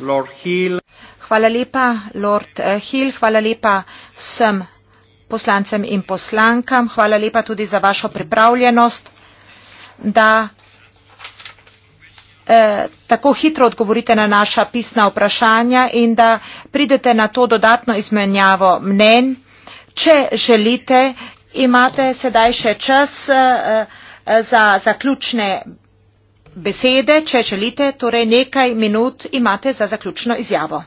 Lord Hill. Hvala lepa, Lord eh, Hill, hvala lepa vsem poslancem in poslankam, hvala lepa tudi za vašo pripravljenost, da eh, tako hitro odgovorite na naša pisna vprašanja in da pridete na to dodatno izmenjavo mnen. Če želite, imate sedaj še čas eh, eh za zaključne besede če želite torej nekaj minut imate za zaključno izjavo.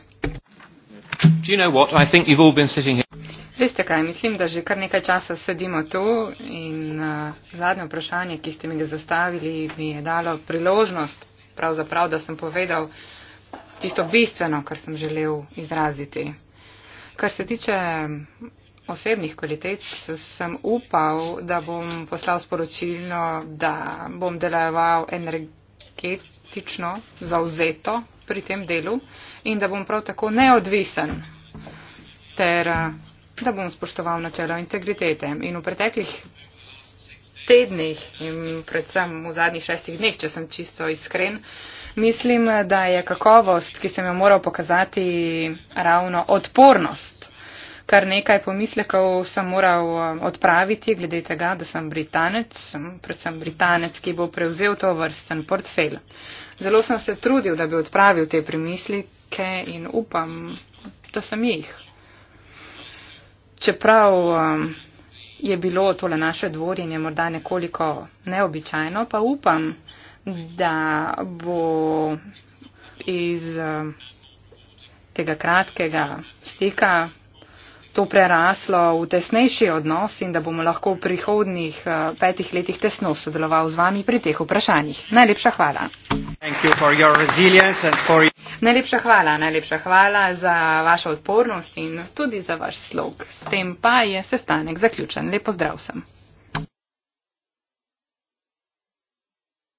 Veste kaj, mislim, da že kar nekaj časa sedimo tu in uh, zadnje vprašanje, ki ste mi ga zastavili, mi je dalo priložnost, pravzaprav, da sem povedal tisto bistveno, kar sem želel izraziti. Kar se tiče um, osebnih kvalitet, sem upal, da bom poslal sporočilo, da bom delajeval energetično etično zauzeto pri tem delu in da bom prav tako neodvisen ter eh, da bom spoštoval načelo integritete. In v preteklih tednih in predvsem v zadnjih šestih dneh, če sem čisto iskren, mislim, da je kakovost, ki sem jo moral pokazati, ravno odpornost kar nekaj pomislekov sem moral um, odpraviti, glede tega, da sem Britanec, sem predvsem Britanec, ki bo prevzel to vrsten portfelj. Zelo sem se trudil, da bi odpravil te premislike in upam, da sem jih. Čeprav um, je bilo tole naše dvorjenje morda nekoliko neobičajno, pa upam, da bo iz um, tega kratkega stika to preraslo v tesnejši odnos in da bomo lahko v prihodnih eh, petih letih tesno sodeloval z vami pri teh vprašanjih. Najlepša hvala. Najlepša hvala, najlepša hvala za vašo odpornost in tudi za vaš slog. S tem pa je sestanek zaključen. Lepo zdrav sem.